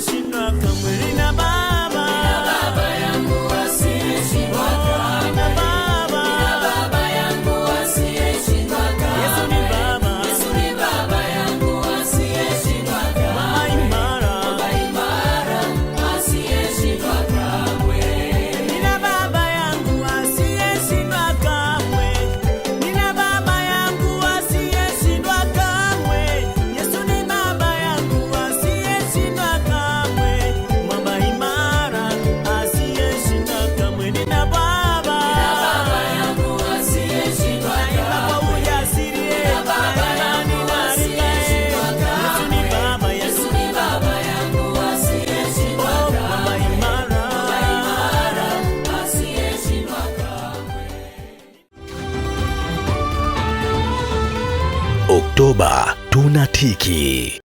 she not coming Oktoba tunatiki.